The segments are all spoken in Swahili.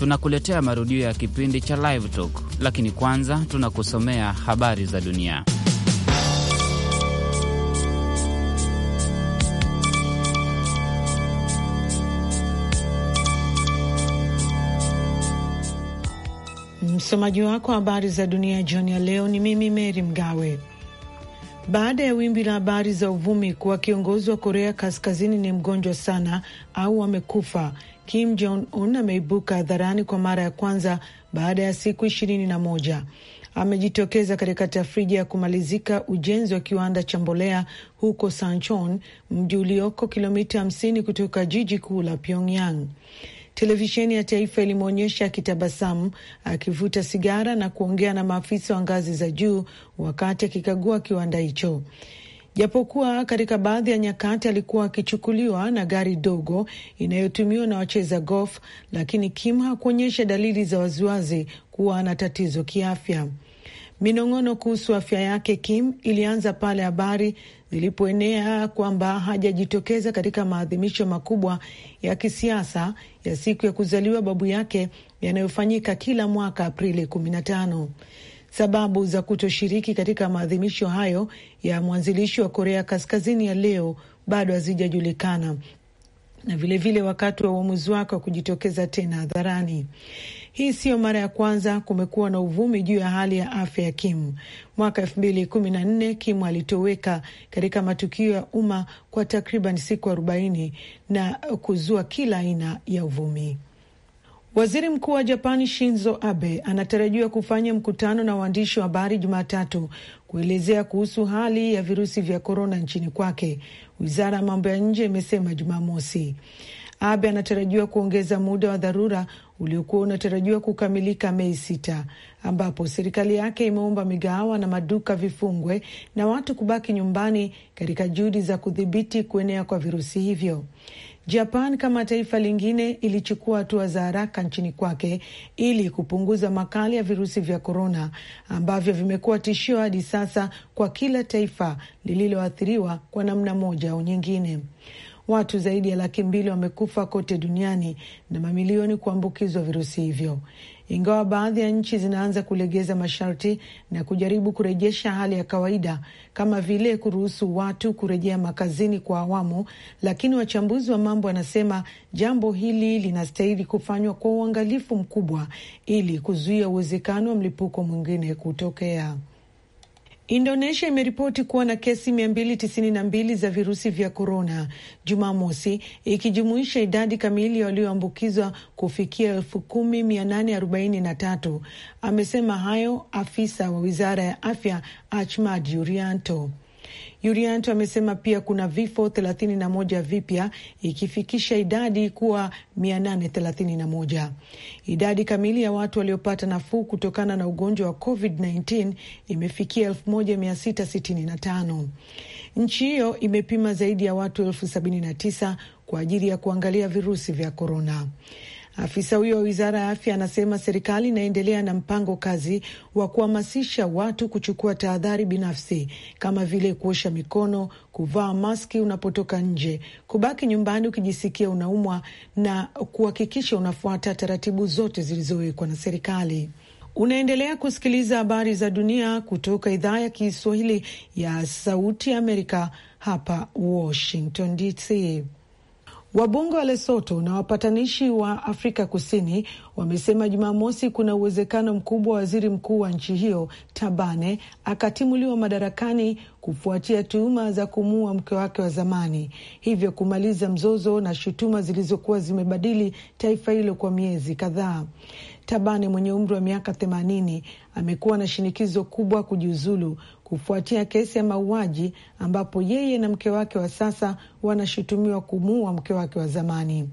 tunakuletea marudio ya kipindi cha Live Talk, lakini kwanza tunakusomea habari za dunia. Msomaji wako habari za dunia jioni ya leo ni mimi mery Mgawe. Baada ya wimbi la habari za uvumi kuwa kiongozi wa Korea Kaskazini ni mgonjwa sana au amekufa, Kim Jong Un ameibuka hadharani kwa mara ya kwanza baada ya siku ishirini na moja. Amejitokeza katika tafrija ya kumalizika ujenzi wa kiwanda cha mbolea huko Sanchon, mji ulioko kilomita 50 kutoka jiji kuu la Pyongyang. Televisheni ya taifa ilimwonyesha akitabasamu, akivuta sigara na kuongea na maafisa wa ngazi za juu wakati akikagua kiwanda hicho japokuwa katika baadhi ya nyakati alikuwa akichukuliwa na gari dogo inayotumiwa na wacheza golf, lakini Kim hakuonyesha dalili za waziwazi kuwa ana tatizo kiafya. Minong'ono kuhusu afya yake Kim ilianza pale habari zilipoenea kwamba hajajitokeza katika maadhimisho makubwa ya kisiasa ya siku ya kuzaliwa babu yake yanayofanyika kila mwaka Aprili tano Sababu za kutoshiriki katika maadhimisho hayo ya mwanzilishi wa Korea Kaskazini ya leo bado hazijajulikana na vilevile vile wakati wa uamuzi wake wa kujitokeza tena hadharani. Hii siyo mara ya kwanza kumekuwa na uvumi juu ya hali ya afya ya Kim. Mwaka elfu mbili kumi na nne Kim alitoweka katika matukio ya umma kwa takriban siku arobaini na kuzua kila aina ya uvumi. Waziri Mkuu wa Japani Shinzo Abe anatarajiwa kufanya mkutano na waandishi wa habari Jumatatu kuelezea kuhusu hali ya virusi vya korona nchini kwake, wizara ya mambo ya nje imesema Jumamosi. Abe anatarajiwa kuongeza muda wa dharura uliokuwa unatarajiwa kukamilika Mei sita, ambapo serikali yake imeomba migahawa na maduka vifungwe na watu kubaki nyumbani katika juhudi za kudhibiti kuenea kwa virusi hivyo. Japan kama taifa lingine ilichukua hatua za haraka nchini kwake ili kupunguza makali ya virusi vya korona ambavyo vimekuwa tishio hadi sasa kwa kila taifa lililoathiriwa kwa namna moja au nyingine. Watu zaidi ya laki mbili wamekufa kote duniani na mamilioni kuambukizwa virusi hivyo ingawa baadhi ya nchi zinaanza kulegeza masharti na kujaribu kurejesha hali ya kawaida kama vile kuruhusu watu kurejea makazini kwa awamu, lakini wachambuzi wa mambo wanasema jambo hili linastahili kufanywa kwa uangalifu mkubwa ili kuzuia uwezekano wa mlipuko mwingine kutokea. Indonesia imeripoti kuwa na kesi 292 za virusi vya korona Jumamosi, ikijumuisha idadi kamili ya walioambukizwa kufikia 10843. Amesema hayo afisa wa wizara ya afya Achmad Yurianto. Yurianto amesema pia kuna vifo 31 vipya ikifikisha idadi kuwa 831. Idadi kamili ya watu waliopata nafuu kutokana na ugonjwa wa COVID-19 imefikia 1665. Nchi hiyo imepima zaidi ya watu elfu 79 kwa ajili ya kuangalia virusi vya korona. Afisa huyo wa wizara ya afya anasema serikali inaendelea na mpango kazi wa kuhamasisha watu kuchukua tahadhari binafsi kama vile kuosha mikono, kuvaa maski unapotoka nje, kubaki nyumbani ukijisikia unaumwa na kuhakikisha unafuata taratibu zote zilizowekwa na serikali. Unaendelea kusikiliza habari za dunia kutoka idhaa ya Kiswahili ya Sauti ya Amerika hapa Washington DC. Wabunge wa Lesoto na wapatanishi wa Afrika Kusini wamesema Jumamosi kuna uwezekano mkubwa wa waziri mkuu wa nchi hiyo Tabane akatimuliwa madarakani kufuatia tuhuma za kumuua mke wake wa zamani, hivyo kumaliza mzozo na shutuma zilizokuwa zimebadili taifa hilo kwa miezi kadhaa. Tabane mwenye umri wa miaka themanini amekuwa na shinikizo kubwa kujiuzulu kufuatia kesi ya mauaji ambapo yeye na mke wake wa sasa wanashutumiwa kumuua mke wake wa zamani.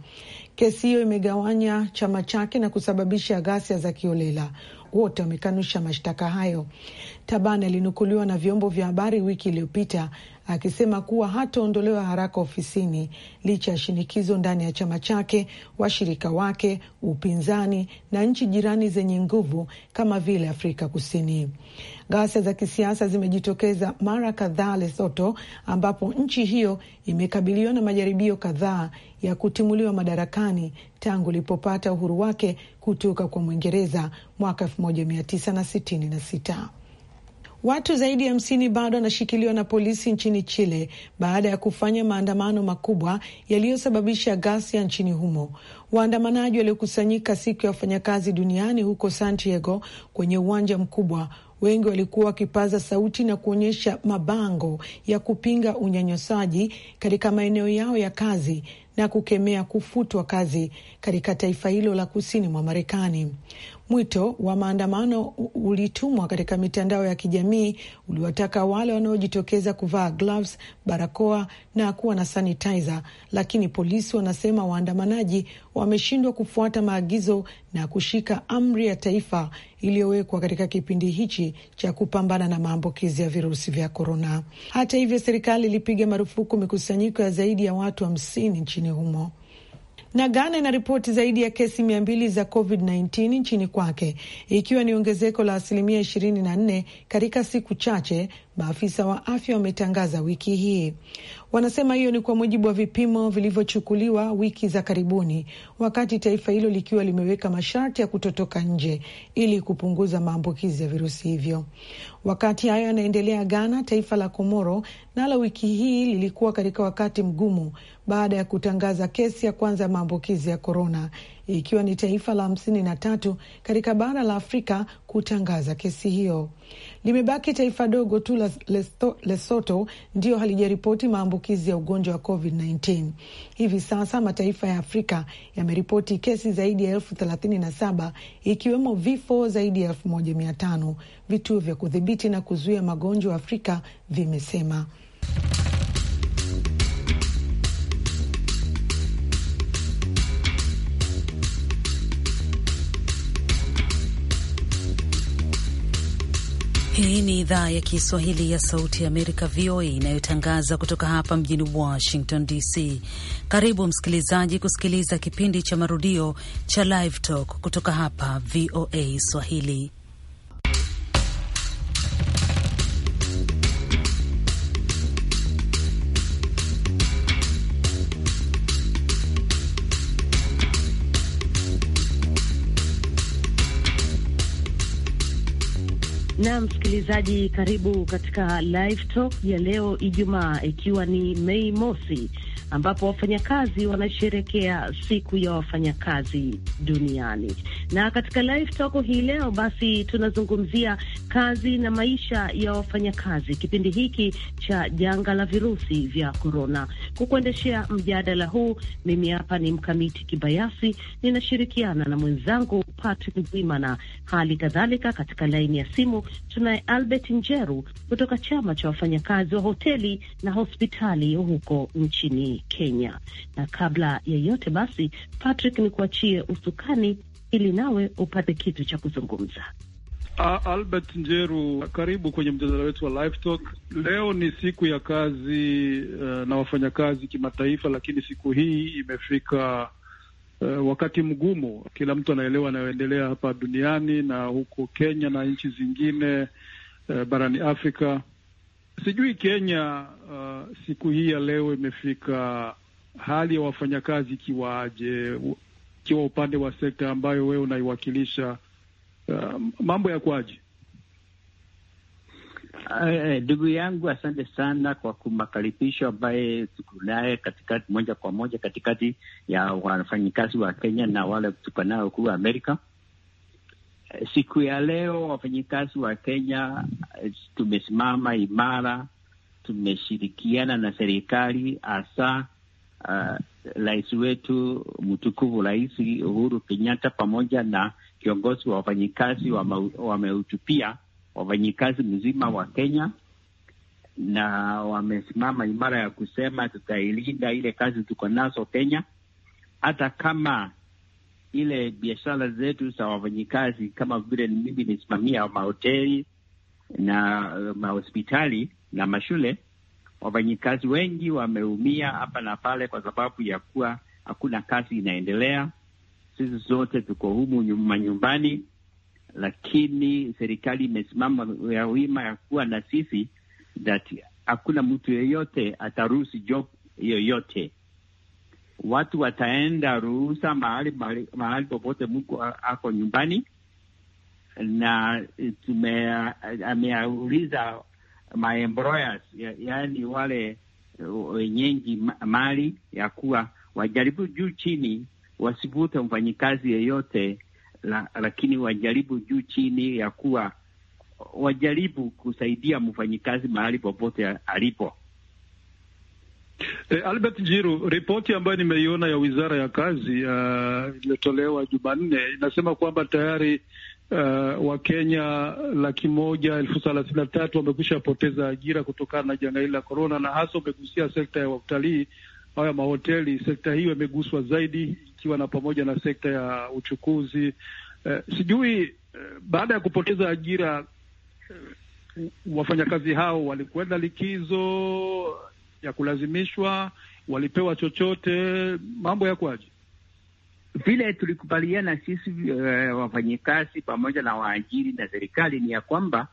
Kesi hiyo imegawanya chama chake na kusababisha ghasia za kiolela. Wote wamekanusha mashtaka hayo. Taban alinukuliwa na vyombo vya habari wiki iliyopita akisema kuwa hataondolewa haraka ofisini licha ya shinikizo ndani ya chama chake, washirika wake, upinzani na nchi jirani zenye nguvu kama vile Afrika Kusini. Ghasia za kisiasa zimejitokeza mara kadhaa lesoto ambapo nchi hiyo imekabiliwa na majaribio kadhaa ya kutimuliwa madarakani tangu ilipopata uhuru wake kutoka kwa Mwingereza mwaka 1966. Watu zaidi ya hamsini bado wanashikiliwa na polisi nchini Chile baada ya kufanya maandamano makubwa yaliyosababisha ghasia nchini humo. Waandamanaji waliokusanyika siku ya wafanyakazi duniani huko Santiago kwenye uwanja mkubwa, wengi walikuwa wakipaza sauti na kuonyesha mabango ya kupinga unyanyasaji katika maeneo yao ya kazi na kukemea kufutwa kazi katika taifa hilo la kusini mwa Marekani. Mwito wa maandamano ulitumwa katika mitandao ya kijamii, uliwataka wale wanaojitokeza kuvaa gloves, barakoa na kuwa na sanitizer, lakini polisi wanasema waandamanaji wameshindwa kufuata maagizo na kushika amri ya taifa iliyowekwa katika kipindi hichi cha kupambana na maambukizi ya virusi vya korona. Hata hivyo, serikali ilipiga marufuku mikusanyiko ya zaidi ya watu hamsini nchini humo. Na Ghana ina ripoti zaidi ya kesi mia mbili za COVID-19 nchini kwake ikiwa ni ongezeko la asilimia 24 katika siku chache, maafisa wa afya wametangaza wiki hii. Wanasema hiyo ni kwa mujibu wa vipimo vilivyochukuliwa wiki za karibuni, wakati taifa hilo likiwa limeweka masharti ya kutotoka nje ili kupunguza maambukizi ya virusi hivyo. Wakati hayo yanaendelea, Ghana, taifa la Komoro, nalo wiki hii lilikuwa katika wakati mgumu baada ya kutangaza kesi ya kwanza ya maambukizi ya korona, ikiwa ni taifa la hamsini na tatu katika bara la Afrika kutangaza kesi hiyo. Limebaki taifa dogo tu la Lesotho ndiyo halijaripoti maambukizi maambukizi ya ugonjwa wa COVID-19. Hivi sasa mataifa ya Afrika yameripoti kesi zaidi ya elfu thelathini na saba ikiwemo vifo zaidi ya elfu moja mia tano vituo vya kudhibiti na kuzuia magonjwa Afrika vimesema. Hii ni idhaa ya Kiswahili ya Sauti ya Amerika, VOA, inayotangaza kutoka hapa mjini Washington DC. Karibu msikilizaji kusikiliza kipindi cha marudio cha Live Talk kutoka hapa VOA Swahili. Na msikilizaji, karibu katika live talk ya leo Ijumaa, ikiwa ni Mei Mosi, ambapo wafanyakazi wanasherekea siku ya wafanyakazi duniani. Na katika live talk hii leo basi tunazungumzia kazi na maisha ya wafanyakazi kipindi hiki cha janga la virusi vya korona. Kukuendeshea mjadala huu, mimi hapa ni Mkamiti Kibayasi, ninashirikiana na mwenzangu Patrick Ndwimana. Hali kadhalika katika laini ya simu tunaye Albert Njeru kutoka chama cha wafanyakazi wa hoteli na hospitali huko nchini Kenya. Na kabla ya yote basi, Patrick, nikuachie usukani ili nawe upate kitu cha kuzungumza. Ah, Albert Njeru, karibu kwenye mjadala wetu wa Live Talk. Leo ni siku ya kazi uh, na wafanyakazi kimataifa, lakini siku hii imefika uh, wakati mgumu. Kila mtu anaelewa anayoendelea hapa duniani na huko Kenya na nchi zingine uh, barani Afrika. Sijui Kenya, uh, siku hii ya leo imefika, hali ya wafanyakazi ikiwaje, ikiwa upande wa sekta ambayo wewe unaiwakilisha Uh, mambo ya eh, eh, Ndugu uh, yangu, asante sana kwa kumakaribisho ambaye tuko naye katikati, moja kwa moja katikati ya wafanyikazi wa Kenya na wale tuko nao kuu Amerika. Eh, siku ya leo wafanyikazi wa Kenya tumesimama imara, tumeshirikiana na serikali hasa rais uh, wetu mtukufu Rais Uhuru Kenyatta pamoja na kiongozi wa wafanyikazi wameutupia wafanyikazi mzima wa Kenya na wamesimama imara ya kusema tutailinda ile kazi tuko nazo Kenya, hata kama ile biashara zetu za wafanyikazi kama vile mimi nisimamia mahoteli na eh, mahospitali na mashule, wafanyikazi wengi wameumia hapa na pale, kwa sababu ya kuwa hakuna kazi inaendelea sisi zote tuko humu manyumbani, lakini serikali imesimama ya wima ya kuwa na sisi that hakuna mtu yeyote ataruhusi job yoyote. Watu wataenda ruhusa mahali mahali popote mko ako nyumbani, na ameauliza maemployers yaani wale wenyengi mali ya kuwa wajaribu juu chini wasivute mfanyikazi yeyote la, lakini wajaribu juu chini ya kuwa wajaribu kusaidia mfanyikazi mahali popote alipo. E, Albert Jiru, ripoti ambayo nimeiona ya Wizara ya Kazi uh, iliyotolewa uh, Jumanne inasema kwamba tayari uh, Wakenya laki moja elfu thelathini na tatu wamekwisha poteza ajira kutokana na janga hili la korona, na hasa umegusia sekta ya utalii haya mahoteli, sekta hiyo imeguswa zaidi, ikiwa na pamoja na sekta ya uchukuzi. Eh, sijui eh, baada ya kupoteza ajira eh, wafanyakazi hao walikwenda likizo ya kulazimishwa, walipewa chochote, mambo ya kwaje? Vile tulikubaliana sisi uh, wafanyikazi pamoja na waajiri na serikali ni ya kwamba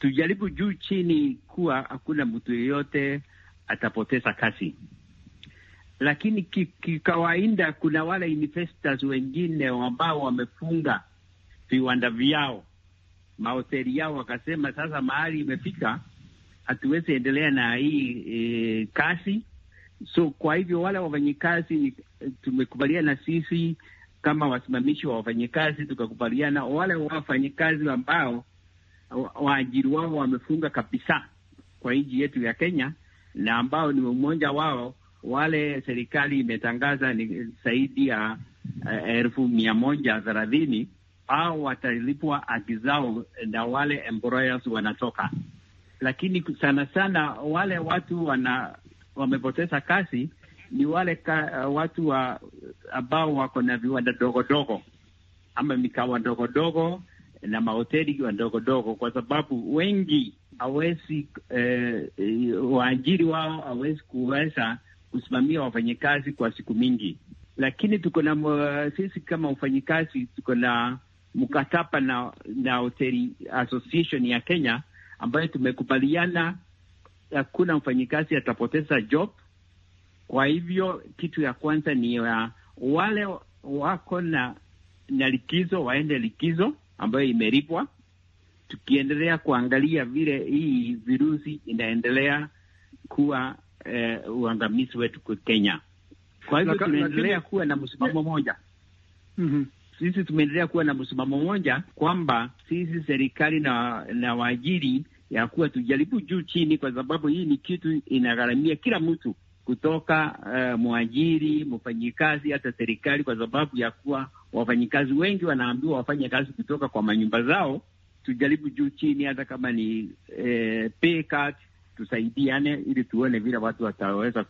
tujaribu juu chini kuwa hakuna mtu yeyote atapoteza kazi lakini kikawaida kuna wale investors wengine ambao wamefunga viwanda vyao, mahoteli yao, wakasema sasa mahali imefika, hatuwezi endelea na hii e, kasi. So kwa hivyo wale wafanyikazi tumekubaliana sisi kama wasimamishi wa wafanyikazi tukakubaliana, wale wafanyikazi ambao waajiri wao wamefunga kabisa kwa nchi yetu ya Kenya, na ambao ni mmoja wao wale serikali imetangaza ni zaidi ya uh, elfu mia moja thelathini au watalipwa haki zao na wale employers wanatoka, lakini sana sana wale watu wana wamepoteza kazi ni wale ka, uh, watu wa ambao wako na viwanda dogodogo ama mikawa dogodogo na mahoteli wadogodogo, kwa sababu wengi hawezi eh, eh waajiri wao hawezi kuweza kusimamia wafanyikazi kwa siku mingi, lakini tuko na uh, sisi kama wafanyikazi tuko na mkataba na na hoteli association ya Kenya ambayo tumekubaliana hakuna mfanyikazi atapoteza job. Kwa hivyo kitu ya kwanza ni ya wale wako na na likizo waende likizo ambayo imelipwa. Tukiendelea kuangalia vile hii virusi inaendelea kuwa Eh, uangamizi wetu kwa Kenya. Kwa hivyo tunaendelea kuwa na msimamo moja mm -hmm. Sisi tumeendelea kuwa na msimamo moja kwamba sisi serikali na, na waajiri ya kuwa tujaribu juu chini, kwa sababu hii ni kitu inagharamia kila mtu kutoka uh, mwajiri, mfanyikazi, hata serikali, kwa sababu ya kuwa wafanyikazi wengi wanaambiwa wafanye kazi kutoka kwa manyumba zao. Tujaribu juu chini, hata kama ni eh, pay cut tusaidiane ili tuone vile watu wataweza eh,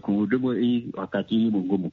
kuhudumu hii wakati hii mgumu.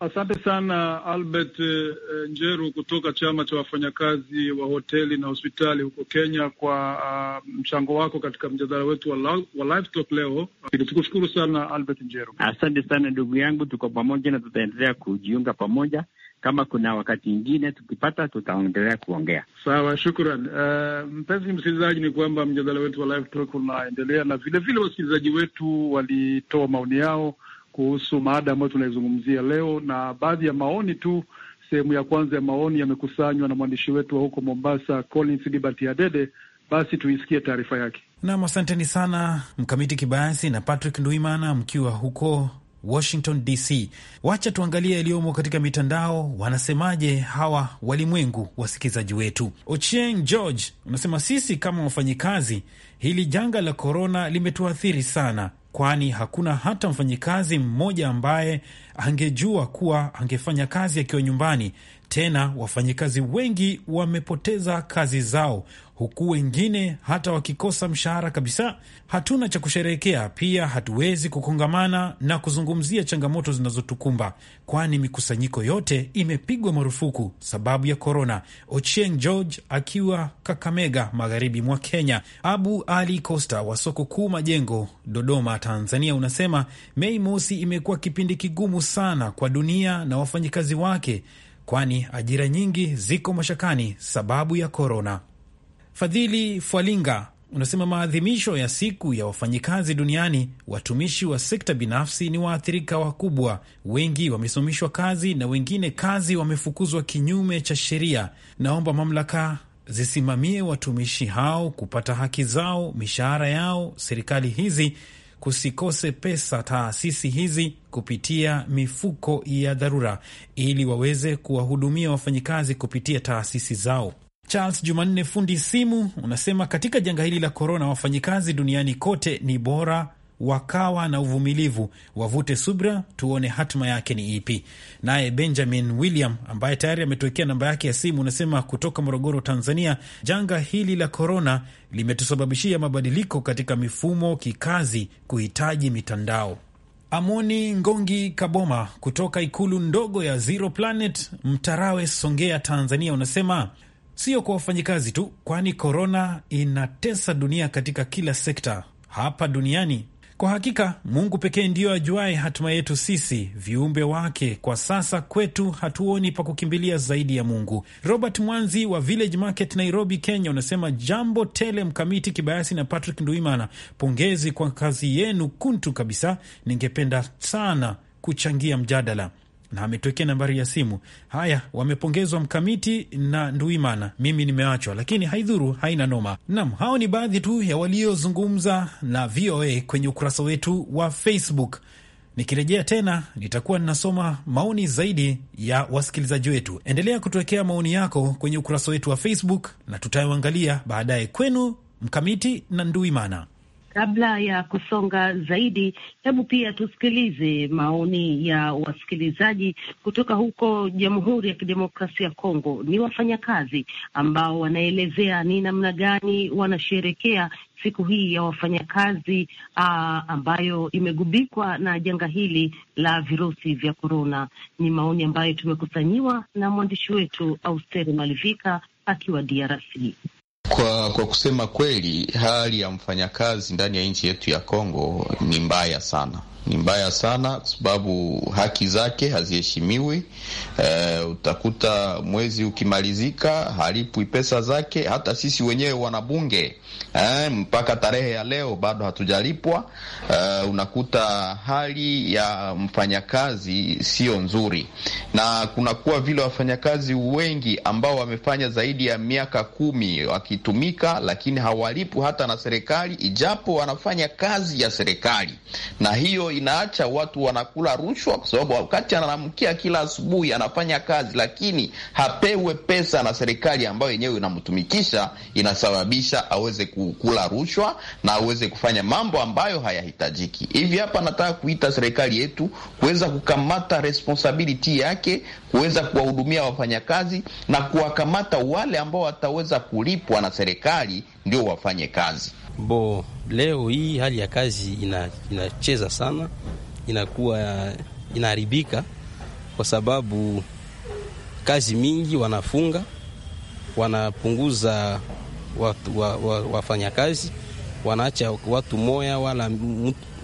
Asante sana Albert uh, Njeru kutoka chama cha wafanyakazi wa hoteli na hospitali huko Kenya kwa uh, mchango wako katika mjadala wetu wa, wa live leo. Tukushukuru sana Albert Njeru. Asante sana ndugu yangu, tuko pamoja na tutaendelea kujiunga pamoja kama kuna wakati ingine tukipata, tutaendelea kuongea. Sawa, shukran. Uh, mpenzi msikilizaji, ni kwamba mjadala wetu wa Live Talk unaendelea, na vilevile wasikilizaji wetu walitoa maoni yao kuhusu maada ambayo tunaizungumzia leo, na baadhi ya maoni tu sehemu ya kwanza ya maoni yamekusanywa na mwandishi wetu wa huko Mombasa, Collins Liberty Adede. Basi tuisikie taarifa yake. Nam, asanteni sana Mkamiti Kibayasi na Patrick Nduimana mkiwa huko Washington DC. Wacha tuangalie yaliyomo katika mitandao, wanasemaje hawa walimwengu wasikilizaji wetu. Ochieng George unasema sisi kama wafanyikazi, hili janga la korona limetuathiri sana, kwani hakuna hata mfanyikazi mmoja ambaye angejua kuwa angefanya kazi akiwa nyumbani tena wafanyikazi wengi wamepoteza kazi zao, huku wengine hata wakikosa mshahara kabisa. Hatuna cha kusherehekea, pia hatuwezi kukongamana na kuzungumzia changamoto zinazotukumba, kwani mikusanyiko yote imepigwa marufuku sababu ya korona. Ochieng George akiwa Kakamega, magharibi mwa Kenya. Abu Ali Costa wa soko kuu Majengo, Dodoma, Tanzania, unasema Mei Mosi imekuwa kipindi kigumu sana kwa dunia na wafanyikazi wake kwani ajira nyingi ziko mashakani sababu ya korona. Fadhili Fwalinga unasema maadhimisho ya siku ya wafanyikazi duniani, watumishi wa sekta binafsi ni waathirika wakubwa. Wengi wamesimamishwa kazi na wengine kazi wamefukuzwa kinyume cha sheria. Naomba mamlaka zisimamie watumishi hao kupata haki zao, mishahara yao. Serikali hizi kusikose pesa taasisi hizi kupitia mifuko ya dharura ili waweze kuwahudumia wafanyikazi kupitia taasisi zao. Charles Jumanne, fundi simu, unasema katika janga hili la korona, wafanyikazi duniani kote ni bora wakawa na uvumilivu, wavute subra, tuone hatima yake ni ipi. Naye Benjamin William ambaye tayari ametuwekea namba yake ya simu, unasema kutoka Morogoro, Tanzania, janga hili la korona limetusababishia mabadiliko katika mifumo kikazi kuhitaji mitandao. Amoni Ngongi Kaboma kutoka ikulu ndogo ya Zero Planet Mtarawe, Songea, Tanzania, unasema sio kwa wafanyikazi tu, kwani korona inatesa dunia katika kila sekta hapa duniani kwa hakika Mungu pekee ndiyo ajuaye hatima yetu sisi viumbe wake. Kwa sasa kwetu hatuoni pa kukimbilia zaidi ya Mungu. Robert Mwanzi wa Village Market, Nairobi, Kenya, unasema jambo tele, Mkamiti Kibayasi na Patrick Nduimana, pongezi kwa kazi yenu kuntu kabisa. Ningependa sana kuchangia mjadala na ametokea nambari ya simu. Haya, wamepongezwa Mkamiti na Nduimana, mimi nimeachwa, lakini haidhuru, haina noma. Nam, hao ni baadhi tu ya waliozungumza na VOA kwenye ukurasa wetu wa Facebook. Nikirejea tena nitakuwa ninasoma maoni zaidi ya wasikilizaji wetu. Endelea kutuwekea maoni yako kwenye ukurasa wetu wa Facebook na tutayoangalia baadaye. Kwenu Mkamiti na Nduimana. Kabla ya kusonga zaidi, hebu pia tusikilize maoni ya wasikilizaji kutoka huko Jamhuri ya Kidemokrasia ya Kongo. Ni wafanyakazi ambao wanaelezea ni namna gani wanasherekea siku hii ya wafanyakazi uh, ambayo imegubikwa na janga hili la virusi vya korona. Ni maoni ambayo tumekusanyiwa na mwandishi wetu Austeri Malivika akiwa DRC. Kwa, kwa kusema kweli, hali ya mfanyakazi ndani ya nchi yetu ya Kongo ni mbaya sana ni mbaya sana kwa sababu haki zake haziheshimiwi. E, utakuta mwezi ukimalizika halipwi pesa zake. Hata sisi wenyewe wanabunge e, mpaka tarehe ya leo bado hatujalipwa. E, unakuta hali ya mfanyakazi sio nzuri, na kunakuwa vile wafanyakazi wengi ambao wamefanya zaidi ya miaka kumi waki kutumika, lakini hawalipwi hata na serikali, ijapo wanafanya kazi ya serikali. Na hiyo inaacha watu wanakula rushwa, kwa sababu wakati anaamkia kila asubuhi anafanya kazi, lakini hapewe pesa na serikali ambayo yenyewe inamtumikisha, inasababisha aweze kukula rushwa na aweze kufanya mambo ambayo hayahitajiki. Hivi hapa nataka kuita serikali yetu kuweza kukamata responsibility yake, kuweza kuwahudumia wafanyakazi na kuwakamata wale ambao wataweza kulipwa na serikali ndio wafanye kazi. Bo, leo hii hali ya kazi ina, inacheza sana, inakuwa inaharibika kwa sababu kazi mingi wanafunga, wanapunguza watu, wa, wa, wafanya kazi wanaacha watu moya wala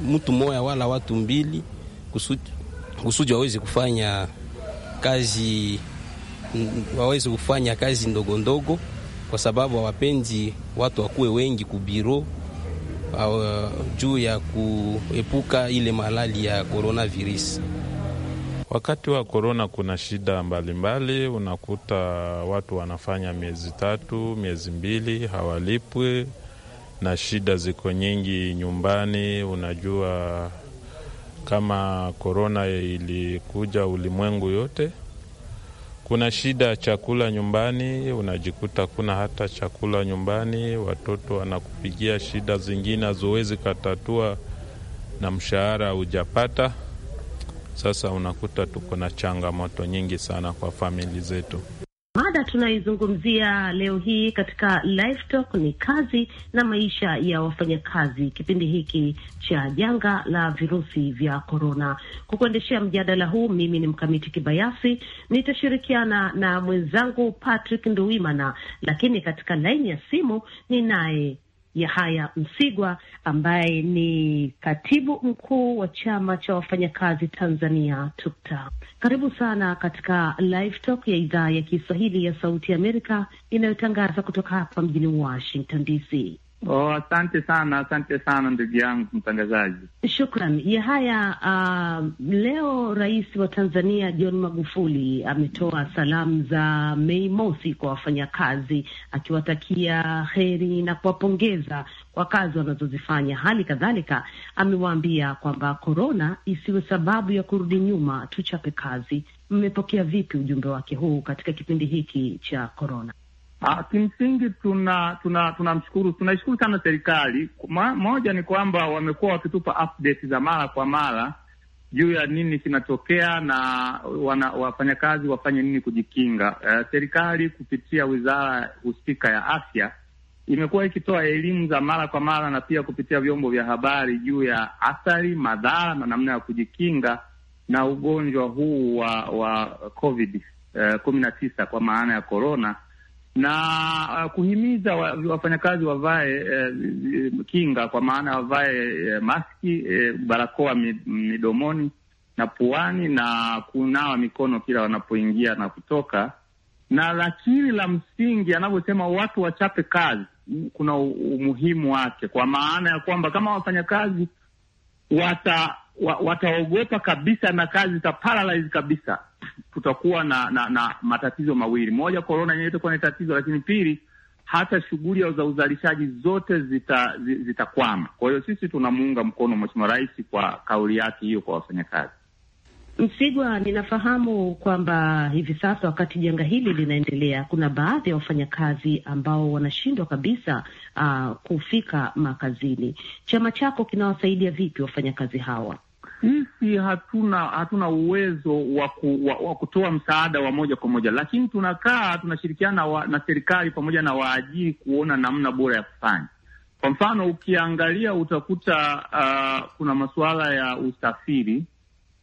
mtu moya wala watu mbili kusudi waweze kufanya kazi waweze kufanya kazi ndogo ndogo kwa sababu hawapendi watu wakuwe wengi kubiro au, uh, juu ya kuepuka ile malali ya coronavirus. Wakati wa korona kuna shida mbalimbali mbali, unakuta watu wanafanya miezi tatu miezi mbili hawalipwi, na shida ziko nyingi nyumbani. Unajua kama korona ilikuja ulimwengu yote kuna shida ya chakula nyumbani, unajikuta kuna hata chakula nyumbani, watoto wanakupigia shida zingine hazowezi katatua na mshahara hujapata. Sasa unakuta tuko na changamoto nyingi sana kwa famili zetu. Mada tunaizungumzia leo hii katika live talk ni kazi na maisha ya wafanyakazi kipindi hiki cha janga la virusi vya korona. kwa kuendeshea mjadala huu, mimi ni Mkamiti Kibayasi, nitashirikiana na mwenzangu Patrick Nduwimana, lakini katika laini ya simu ni naye Yahaya Msigwa ambaye ni katibu mkuu wa chama cha wafanyakazi Tanzania tukta. Karibu sana katika Live Talk ya idhaa ya Kiswahili ya Sauti Amerika inayotangaza kutoka hapa mjini Washington DC. Oh, asante sana, asante sana ndugu yangu mtangazaji, shukran ya haya. Uh, leo Rais wa Tanzania John Magufuli ametoa salamu za Mei Mosi kwa wafanyakazi akiwatakia heri na kuwapongeza kwa kazi wanazozifanya. Hali kadhalika amewaambia kwamba korona isiwe sababu ya kurudi nyuma, tuchape kazi. Mmepokea vipi ujumbe wake huu katika kipindi hiki cha korona? Ah, kimsingi tuna tunamshukuru tunaishukuru sana serikali. Moja ni kwamba wamekuwa wakitupa update za mara kwa mara juu ya nini kinatokea na wana, wafanyakazi wafanye nini kujikinga. Uh, serikali kupitia wizara husika ya afya imekuwa ikitoa elimu za mara kwa mara na pia kupitia vyombo vya habari juu ya athari, madhara na namna ya kujikinga na ugonjwa huu wa wa COVID eh, kumi na tisa kwa maana ya corona na uh, kuhimiza wafanyakazi wavae eh, kinga kwa maana wavae eh, maski eh, barakoa midomoni na puani na kunawa mikono kila wanapoingia na kutoka. Na lakini la msingi anavyosema watu wachape kazi, kuna umuhimu wake kwa maana ya kwamba kama wafanyakazi wataogopa wa, wataogopa kabisa na kazi ita paralyze kabisa tutakuwa na, na, na matatizo mawili: moja, korona yenyewe itakuwa ni tatizo, lakini pili, hata shughuli za uzalishaji zote zitakwama. Zita kwa hiyo sisi tunamuunga mkono Mheshimiwa Rais kwa kauli yake hiyo kwa wafanyakazi. Msigwa, ninafahamu kwamba hivi sasa wakati janga hili linaendelea, kuna baadhi ya wafanyakazi ambao wanashindwa kabisa uh, kufika makazini. Chama chako kinawasaidia vipi wafanyakazi hawa? sisi hatuna hatuna uwezo wa, ku, wa, wa kutoa msaada wa moja kwa moja, lakini tunakaa tunashirikiana na, na serikali pamoja na waajiri kuona namna bora ya kufanya. Kwa mfano ukiangalia utakuta uh, kuna masuala ya usafiri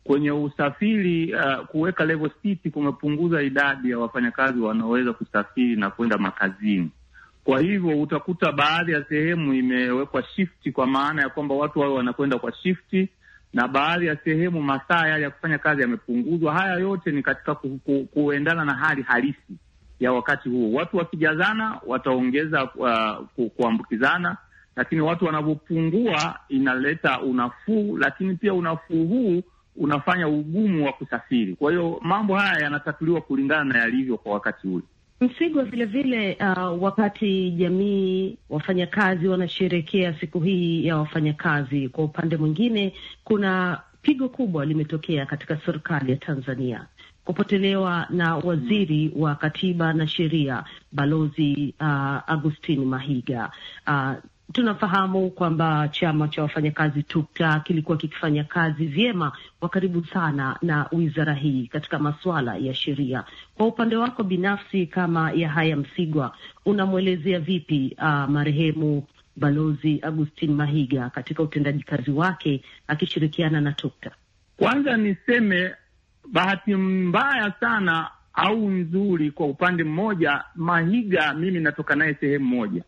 kwenye usafiri uh, kuweka level siti kumepunguza idadi ya wafanyakazi wanaoweza kusafiri na kwenda makazini. Kwa hivyo utakuta baadhi ya sehemu imewekwa shifti, kwa maana ya kwamba watu wawe wanakwenda kwa shifti na baadhi ya sehemu masaa yale ya kufanya kazi yamepunguzwa. Haya yote ni katika ku, ku, kuendana na hali halisi ya wakati huo. Watu wakijazana wataongeza uh, kuambukizana, lakini watu wanavyopungua inaleta unafuu, lakini pia unafuu huu unafanya ugumu wa kusafiri. Kwa hiyo mambo haya yanatatuliwa kulingana na yalivyo kwa wakati ule. Msigwa vilevile uh, wakati jamii wafanyakazi wanasherekea siku hii ya wafanyakazi, kwa upande mwingine kuna pigo kubwa limetokea katika serikali ya Tanzania kupotelewa na waziri wa katiba na sheria Balozi uh, Augustine Mahiga uh, tunafahamu kwamba chama cha wafanyakazi tukta kilikuwa kikifanya kazi vyema kwa karibu sana na wizara hii katika masuala ya sheria. Kwa upande wako binafsi, kama Yahaya Msigwa, unamwelezea vipi uh, marehemu Balozi agustin Mahiga katika utendaji kazi wake akishirikiana na tukta Kwanza niseme bahati mbaya sana au nzuri, kwa upande mmoja, Mahiga mimi natoka naye sehemu moja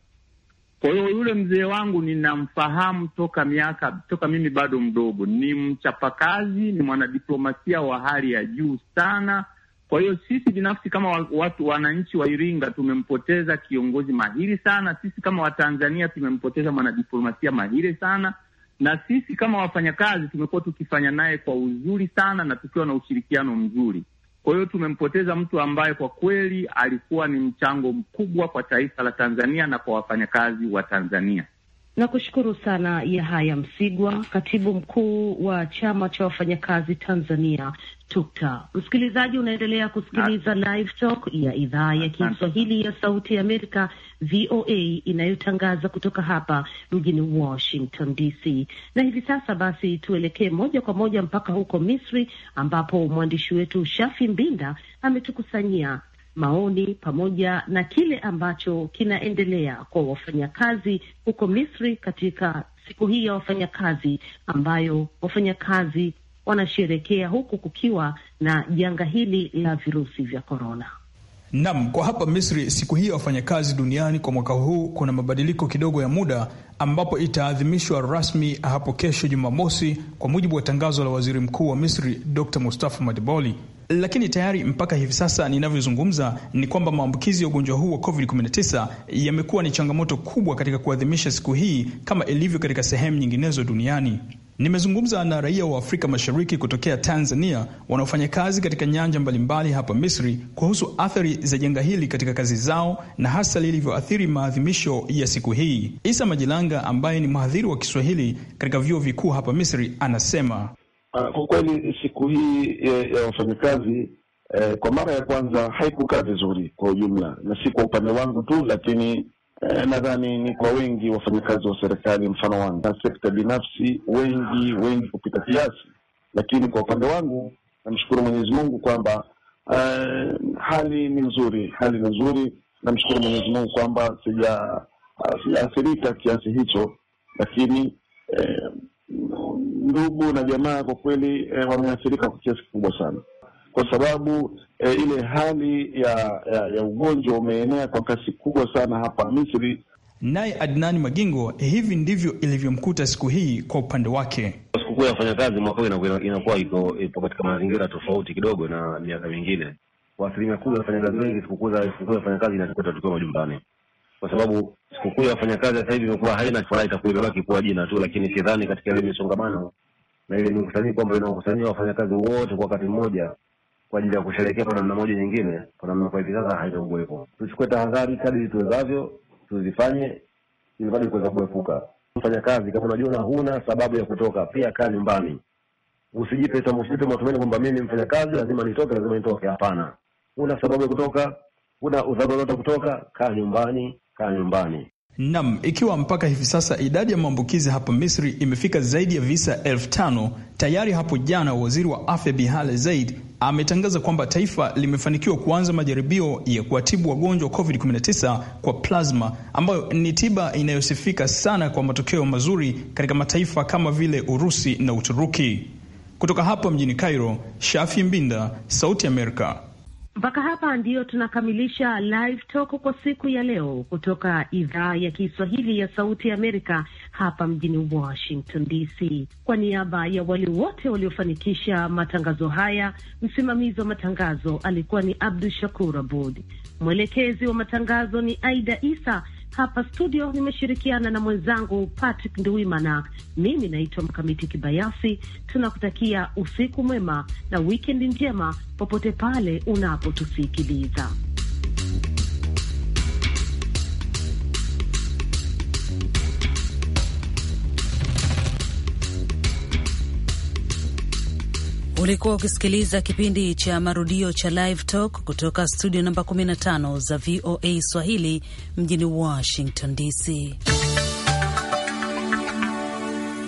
kwa hiyo yule mzee wangu ninamfahamu toka miaka toka mimi bado mdogo. Ni mchapakazi, ni mwanadiplomasia wa hali ya juu sana. Kwa hiyo sisi binafsi kama watu wananchi wa Iringa tumempoteza kiongozi mahiri sana. Sisi kama Watanzania tumempoteza mwanadiplomasia mahiri sana, na sisi kama wafanyakazi tumekuwa tukifanya naye kwa uzuri sana na tukiwa na ushirikiano mzuri. Kwa hiyo tumempoteza mtu ambaye kwa kweli alikuwa ni mchango mkubwa kwa taifa la Tanzania na kwa wafanyakazi wa Tanzania. Nakushukuru sana Yahaya Msigwa, katibu mkuu wa chama cha wafanyakazi Tanzania tukta. Msikilizaji, unaendelea kusikiliza Live Talk ya idhaa ya Kiswahili ya Sauti ya Amerika, VOA, inayotangaza kutoka hapa mjini Washington DC. Na hivi sasa basi, tuelekee moja kwa moja mpaka huko Misri ambapo mwandishi wetu Shafi Mbinda ametukusanyia maoni pamoja na kile ambacho kinaendelea kwa wafanyakazi huko Misri katika siku hii ya wafanyakazi ambayo wafanyakazi wanasherekea huku kukiwa na janga hili la virusi vya korona. Nam, kwa hapa Misri siku hii ya wafanyakazi duniani kwa mwaka huu kuna mabadiliko kidogo ya muda, ambapo itaadhimishwa rasmi hapo kesho Jumamosi, kwa mujibu wa tangazo la waziri mkuu wa Misri Dr Mustafa Madiboli lakini tayari mpaka hivi sasa ninavyozungumza ni kwamba maambukizi ya ugonjwa huu wa COVID-19 yamekuwa ni changamoto kubwa katika kuadhimisha siku hii kama ilivyo katika sehemu nyinginezo duniani. Nimezungumza na raia wa Afrika Mashariki kutokea Tanzania wanaofanya kazi katika nyanja mbalimbali hapa Misri kuhusu athari za janga hili katika kazi zao na hasa lilivyoathiri maadhimisho ya siku hii. Isa Majilanga ambaye ni mhadhiri wa Kiswahili katika vyuo vikuu hapa Misri anasema: Ah, kwa kweli siku hii ya, eh, ya wafanyakazi eh, kwa mara ya kwanza haikukaa vizuri kwa ujumla, na si kwa upande wangu tu, lakini eh, nadhani ni kwa wengi wafanyakazi wa serikali, mfano wangu na sekta binafsi, wengi wengi kupita kiasi. Lakini kwa upande wangu namshukuru Mwenyezi Mungu kwamba eh, hali ni nzuri, hali ni nzuri. Namshukuru Mwenyezi Mungu kwamba ah, sijaathirika kiasi hicho, lakini eh, ndugu na jamaa kwa kweli eh, wameathirika kwa kiasi kikubwa sana, kwa sababu eh, ile hali ya, ya, ya ugonjwa umeenea kwa kasi kubwa sana hapa Misri. Naye Adnani Magingo, eh, hivi ndivyo ilivyomkuta siku hii kwa upande wake. Sikukuu ya wafanyakazi mwaka huu inakuwa iko ipo katika mazingira tofauti kidogo na miaka mingine. Kwa asilimia kubwa ya wafanyakazi wengi, sikukuu ya wafanyakazi inakuwa tukiwa majumbani kwa sababu sikukuu ya wafanyakazi sasa hivi imekuwa haina furaha, itakuwa imebaki kuwa jina tu, lakini sidhani katika ile misongamano na ile mikusanyiko ambayo inawakusanyia wafanyakazi wote kwa wakati mmoja kwa ajili ya kusherehekea kwa namna moja nyingine, kwa namna kwa hivi sasa haitakuwepo. Tuchukue tahadhari kadri tuwezavyo, tuzifanye ili bado kuweza kuepuka. Mfanyakazi kama unajua na huna sababu ya kutoka, pia kaa nyumbani, usijipe usijipe matumaini kwamba mimi mfanyakazi lazima nitoke, lazima nitoke. Hapana, una sababu ya kutoka, una udhabu wote kutoka, kaa nyumbani kaa nyumbani. Nam, ikiwa mpaka hivi sasa idadi ya maambukizi hapa Misri imefika zaidi ya visa elfu tano tayari. Hapo jana waziri wa afya Bihale Zaid ametangaza kwamba taifa limefanikiwa kuanza majaribio ya kuwatibu wagonjwa wa COVID-19 kwa plasma, ambayo ni tiba inayosifika sana kwa matokeo mazuri katika mataifa kama vile Urusi na Uturuki. Kutoka hapa mjini Cairo, Shafi Mbinda, Sauti Amerika. Mpaka hapa ndiyo tunakamilisha live talk kwa siku ya leo kutoka idhaa ya Kiswahili ya Sauti ya Amerika hapa mjini Washington DC. Kwa niaba ya wale wote waliofanikisha matangazo haya, msimamizi wa matangazo alikuwa ni Abdu Shakur Abud, mwelekezi wa matangazo ni Aida Isa. Hapa studio nimeshirikiana na mwenzangu Patrick nduimana Mimi naitwa Mkamiti Kibayasi. Tunakutakia usiku mwema na wikendi njema popote pale unapotusikiliza. Ulikuwa ukisikiliza kipindi cha marudio cha Live Talk kutoka studio namba 15 za VOA Swahili mjini Washington DC.